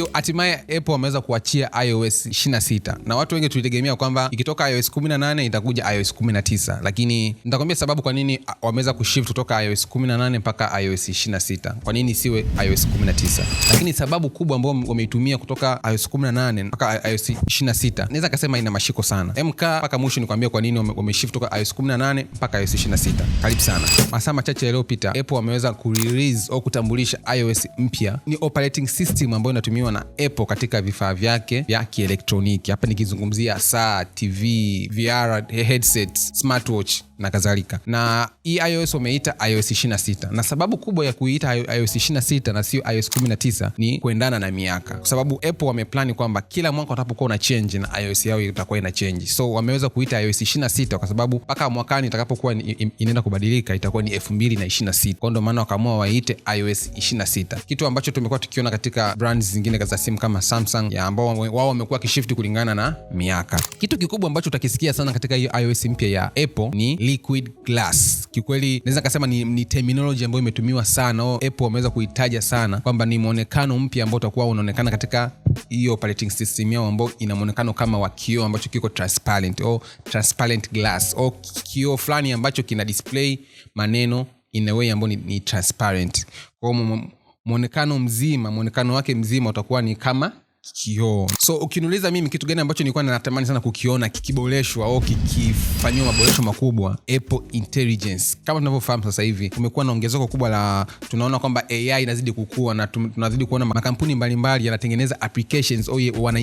hiyo hatimaye Apple wameweza kuachia iOS 26 na watu wengi tulitegemea kwamba ikitoka iOS 18 itakuja iOS 19, lakini nitakwambia sababu kwa nini wameweza kushift kutoka iOS 18 mpaka iOS 26. Kwa nini siwe iOS 19? Lakini sababu kubwa ambayo wameitumia kutoka iOS 18 mpaka iOS 26, naweza kasema ina mashiko sana. mk mpaka mwisho nikwambia kwa nini wameshift kutoka iOS 18 mpaka iOS 26. Karibu sana. Masaa machache yaliyopita Apple wameweza kurelease au kutambulisha iOS mpya, ni operating system ambayo inatumiwa inatumiwa na Apple katika vifaa vyake vya kielektroniki. Hapa nikizungumzia saa, TV, VR headset smartwatch na kadhalika. Na hii iOS wameita iOS 26, na sababu kubwa ya kuiita iOS 26 na sio iOS 19 ni kuendana na miaka, kwa sababu Apple wameplani kwamba kila mwaka watapokuwa na chenji na iOS yao itakuwa ina chenji so wameweza kuita iOS 26 kwa sababu mpaka mwakani itakapokuwa inaenda kubadilika itakuwa ni 226 kwao ndio maana wakaamua waite iOS 26, kitu ambacho tumekuwa tukiona katika brands zingine za simu kama Samsung ya ambao wao wamekuwa kishifti kulingana na miaka. Kitu kikubwa ambacho utakisikia sana katika hiyo iOS mpya ya Apple ni liquid glass. Kiukweli naweza kasema ni, ni terminology ambayo imetumiwa sana au Apple wameweza kuitaja sana kwamba ni mwonekano mpya ambao utakuwa unaonekana katika hiyo operating system yao ambayo ina mwonekano kama wa kioo ambacho kiko transparent au transparent glass au kioo fulani ambacho kina display maneno in a way ambayo ni, ni transparent. Kwa mwonekano mzima, mwonekano wake mzima utakuwa ni kama kioo so ukiniuliza mimi kitu gani ambacho nilikuwa natamani sana kukiona kikiboreshwa au kikifanyiwa maboresho makubwa apple intelligence kama tunavyofahamu sasa hivi kumekuwa na ongezeko kubwa la tunaona kwamba ai inazidi kukua na tunazidi kuona makampuni mbalimbali yanatengeneza applications au wana,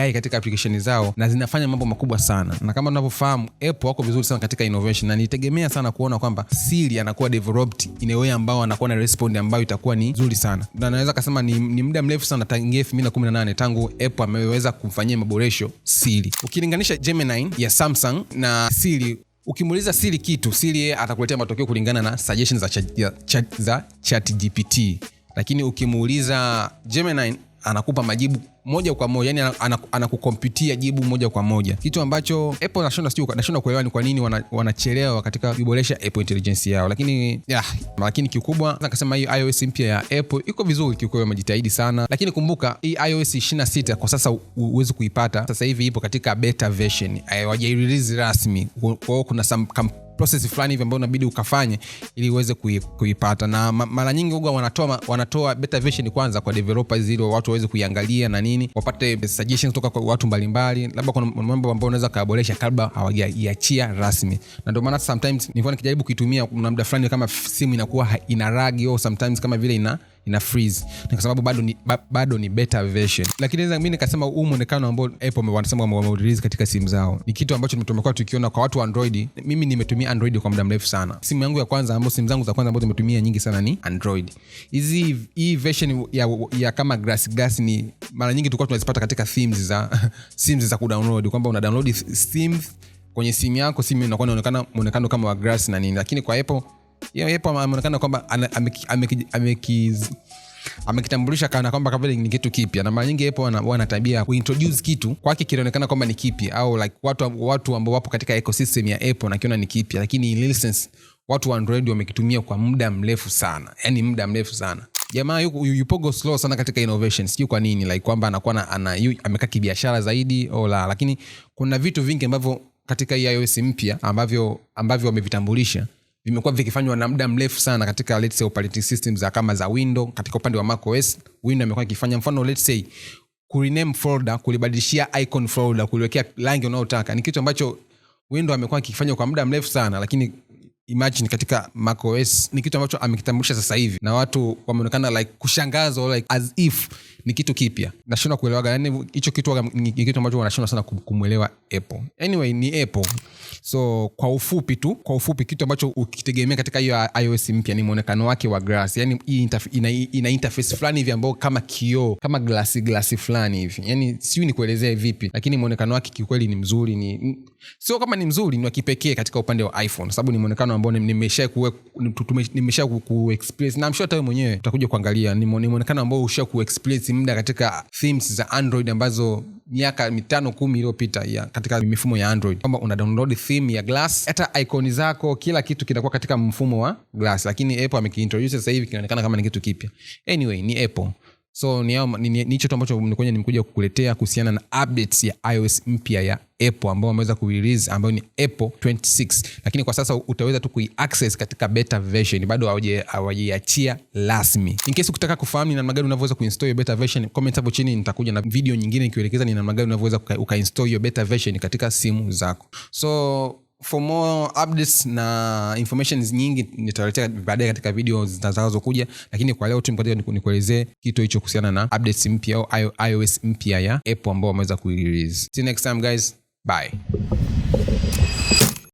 ai katika application zao na zinafanya mambo makubwa sana na kama tunavyofahamu apple wako vizuri sana katika innovation na nilitegemea sana kuona kwamba siri anakuwa developed in a way ambao anakuwa na respond ambayo itakuwa ni nzuri sana na naweza kasema ni, ni muda mrefu sana tangia 2018 tangu Apple ameweza kumfanyia maboresho Siri. Ukilinganisha Gemini ya Samsung na Siri Ukimuuliza Siri kitu, Siri atakuletea matokeo kulingana na suggestion za ChatGPT, lakini ukimuuliza Gemini anakupa majibu moja kwa moja yani anakukompitia jibu moja kwa moja, kitu ambacho Apple nashona nashindwa kuelewa ni kwa nini wanachelewa wana katika kuiboresha Apple intelligence yao, lakini ya, ah, lakini kikubwa akasema hii iOS mpya ya Apple iko vizuri kiukweli, wamejitahidi sana, lakini kumbuka hii iOS 26 kwa sasa huwezi kuipata sasa hivi, ipo katika beta version, eh, wajairilizi rasmi, kwa kuna some process fulani hivi ambayo unabidi ukafanye ili uweze kuipata, na mara nyingi huga wanatoa wanatoa beta version kwanza kwa developers ili watu waweze kuiangalia na nini, wapate suggestions kutoka kwa watu mbalimbali, labda kuna mambo ambayo unaweza kaboresha kabla hawajaiachia rasmi. Na ndio maana sometimes nilikuwa nikijaribu kuitumia, kuna muda fulani kama simu inakuwa ina lag au sometimes kama vile ina ina freeze ni kwa sababu bado ni, bado ni better version lakini naweza mimi nikasema huu mwonekano ambao Apple wanasema wameurelease katika simu zao ni kitu ambacho tumekuwa tukiona kwa watu wa Android mimi nimetumia Android kwa muda mrefu sana simu yangu ya kwanza ambayo simu zangu za kwanza ambazo nimetumia nyingi sana ni Android hizi hii version ya, ya kama grass grass ni mara nyingi tulikuwa tunazipata katika themes za themes za kudownload kwamba una download themes kwenye simu yako simu inakuwa inaonekana muonekano kama wa grass na nini lakini kwa Apple yepo ameonekana kwamba amekitambulisha kana kwamba kavile ni kitu kipya, na mara nyingi yepo wana tabia ya kuintroduce kitu kwake kinaonekana kwamba ni kipya au like watu, watu ambao wapo katika ecosystem ya Apple nakiona ni kipya, lakini license, watu wa Android wamekitumia kwa muda mrefu sana, yani muda mrefu sana jamaa yupogo slow sana katika innovation, sijui kwa nini like kwamba anakuwa amekaa kibiashara zaidi oh la lakini kuna vitu vingi ambavyo katika iOS mpya ambavyo ambavyo wamevitambulisha vimekuwa vikifanywa na muda mrefu sana katika let's say system za kama za Windows. Katika upande wa macOS, Windows imekuwa ikifanya mfano let's say kurename folder, kulibadilishia icon folder, kuliwekea rangi unayotaka ni kitu ambacho Windows amekuwa akifanya kwa muda mrefu sana, lakini imagine katika macOS ni kitu ambacho amekitambulisha sasa hivi na watu wameonekana like kushangazwa like as if ni kitu kipya. Nashindwa kuelewaga, yani hicho kitu ni kitu ambacho wanashindwa sana kumwelewa Apple. Anyway, ni Apple. So kwa ufupi tu, kwa ufupi kitu ambacho ukitegemea katika hiyo iOS mpya ni mwonekano wake wa glass. yani hii interf ina, ina interface fulani hivi ambayo kama kioo, kama glasi glasi fulani hivi. yani siyo ni kuelezea vipi, lakini mwonekano wake kiukweli ni mzuri, ni sio kama ni mzuri, ni wa kipekee katika upande wa iPhone sababu ni mwonekano ambao nimesha ku nimesha ku experience na I'm sure wewe mwenyewe utakuja kuangalia, ni mwonekano ambao usha ku experience muda katika themes za Android ambazo miaka mitano kumi iliyopita katika mifumo ya android kwamba una download theme ya glass hata ikoni zako kila kitu kinakuwa katika mfumo wa glass lakini apple amekiintroduce sasa hivi kinaonekana kama ni kitu kipya anyway ni apple so ni hicho tu ambacho nilikuja nimekuja kukuletea kuhusiana na updates ya iOS mpya ya Apple ambayo wameweza kurelease ambayo ni Apple 26, lakini kwa sasa utaweza tu kuiaccess katika beta version, bado hawajaiachia rasmi. In case ukitaka kufahamu ni namna gani unavyoweza kuinstall beta version, comment hapo chini, nitakuja na video nyingine nikielekeza ni namna gani unavyoweza ukainstall hiyo beta version katika simu zako so for more updates na informations nyingi nitawaletea baadaye katika video zitakazokuja, lakini kwa leo tu nikuelezee kitu hicho kuhusiana na updates mpya au iOS mpya ya Apple ambao wameweza kuirelease. next time guys, bye.